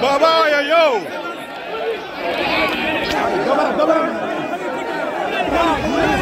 Bye-bye, yo! Bye-bye, bye-bye!